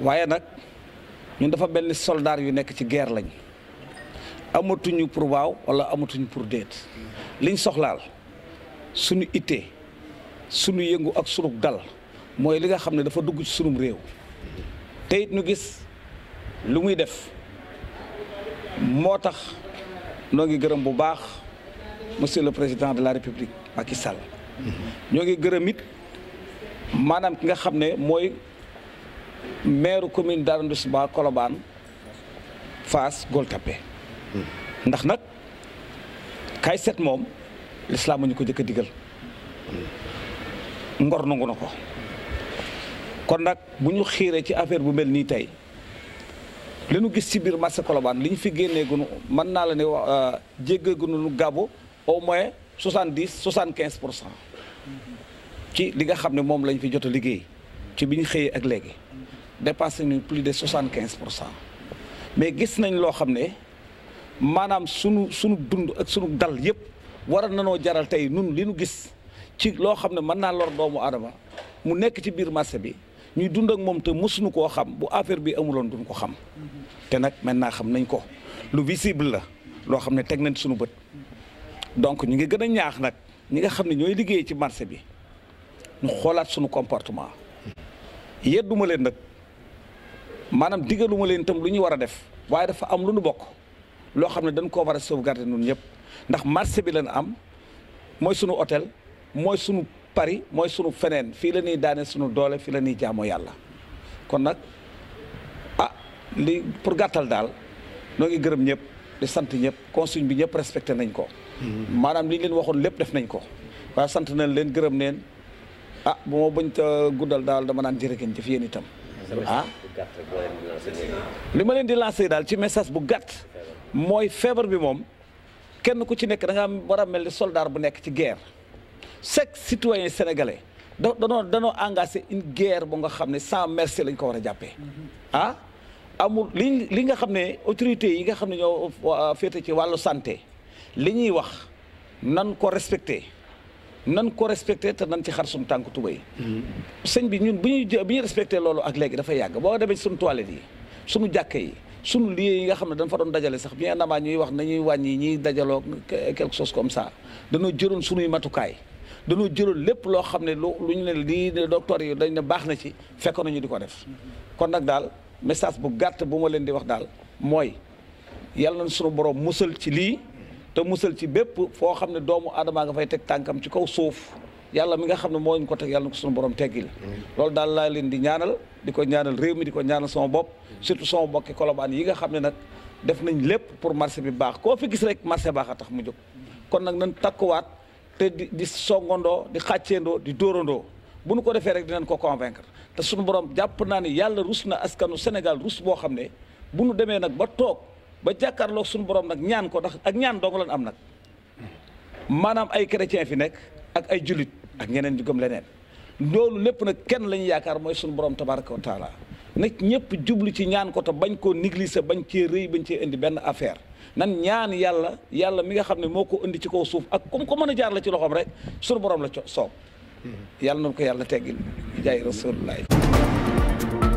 waaye nag ñun dafa mel ni soldaar yu nekk ci guerre lañ amatuñu pour waaw wala amatuñu pour déet liñ soxlaal suñu ittee suñu yëngu ak sunu dal mooy li nga xam ne dafa dugg ci sunum réew te ñu gis lu muy def moo tax noo ngi gërëm bu baax monsieur le président de la république Macky Sall mm-hmm. ñoo ngi gërëm it maanaam ki nga xam ne mooy maire commune d' arrondissement kolobaan Fass Gueule Tapée ndax nag kaay set moom lislaam ko jëkk a digal ngor nangu na ko kon nag bu ñu xiiree ci affaire bu mel nii tey li nu gis ci biir marché Colobane li ñu fi génnee gunu mën naa la ne wa euh, jéggee gunu nu gàbbu au moins soixante dix soixante quinze pour cent ci li nga xam ne moom lañ fi jot a liggéey ci bi ñu xëyee ak léegi dépassé nañu plus de soixante quinze pour cent mais gis nañ loo xam ne maanaam sunu sunu dund ak sunu dal yëpp waral nanoo jaral tey nun li nu gis ci loo xam ne mën naa lor doomu aadama mu nekk ci biir marché bi ñuy dund ak moom te mësuñu koo xam bu affaire bii amuloon duñ ko xam te nag maintenant xam nañ ko lu visible la loo xam ne teg nañ sunu bët donc ñu ngi gën a ñaax nag ñi nga xam ne ñooy liggéey ci marché bi ñu xoolaat sunu comportement yedduma leen nag maanaam digaluma leen itam lu ñuy war a def waaye dafa am lu nu bokk loo xam ne dañ koo war a sauvegarder ñun ñëpp ndax marché bi leen am mooy sunu hôtel mooy sunu Paris mooy sunu feneen fii la ñuy daane sunu doole fii la ñuy jaamoo yàlla kon nag a ah, li pour gàttal daal noo ngi gërëm ñëpp di sant ñëpp consigne bi ñëpp respecté nañ ko. Mm-hmm. maanaam lii ñu leen waxoon lépp def nañ ko waaye sant nañ leen gërëm neen a ah, bu ma bañ ta guddal daal dama naan jërë ngeen jëf yéen itam li ma leen di lancé daal ci message bu gàtt mooy feebar bi moom kenn ku ci nekk da nga war a mel ni soldat bu nekk ci guerre chaque citoyen sénégalais da danoo danoo engagé une guerre bu nga xam ne sant merci lañ ko war a jàppee ah amul li li nga xam ne autorités yi nga xam ne ñoo féete ci wàllu santé li ñuy wax nan ko respecté nan ko respecté te nan ci xar suñu tànk tubay sëñ bi ñun bu ñuy bi ñu respecté loolu ak léegi dafa yàgg boo demee suñu toilette yi suñu jàkkee yi suñu lieu yi nga xam ne dañ fa doon dajale sax bien avant ñuy wax nañuy wàññi ñuy dajaloo quelque chose comme ça dañoo jëroon suñuy matukaay dañoo jëloon lépp loo xam ne lu lu ñu ne lii docteur yi dañ ne baax na ci fekk nañu di ko def kon nag daal message bu gàtt bu ma leen di wax daal mooy yàlla na suñu borom musal ci lii te musal ci bépp foo xam ne doomu aadamaa nga fay teg tànkam ci kaw suuf yàlla mi nga xam ne moo ñu ko teg yàlla na ko suñu borom teggil loolu daal laa leen di ñaanal di ko ñaanal réew mi di ko ñaanal sama bopp surtout sama mbokki kolobaan yi nga xam ne nag def nañ lépp pour marché bi baax koo fi gis rek marché baax a tax mu jóg kon nag nañ takkuwaat te di di songandoo di xàcceendoo di dóorandoo bu nu ko defee rek dinañ ko convaincre te suñu borom jàpp naa ne yàlla rus na askanu Sénégal rus boo xam ne bu nu demee nag ba toog ba jàkkaarloog suñu borom nag ñaan ko ndax ak ñaan dong lan am nag maanaam ay chrétien fi nekk ak ay jullit ak ñeneen ñu gëm leneen loolu lépp nag kenn la ñu yaakaar mooy suñu borom tabaraka wa taala nag ñëpp jublu ci ñaan ko te bañ koo négliger bañ cee rëy bañ cee indi benn affaire nan ñaan yàlla yàlla mi nga xam ne moo ko indi ci kaw suuf ak comme ko mën a jaar la ci loxoom rek suñu borom la soow mm-hmm. yàlla noonu ko yàlla teggil jaay rasulullah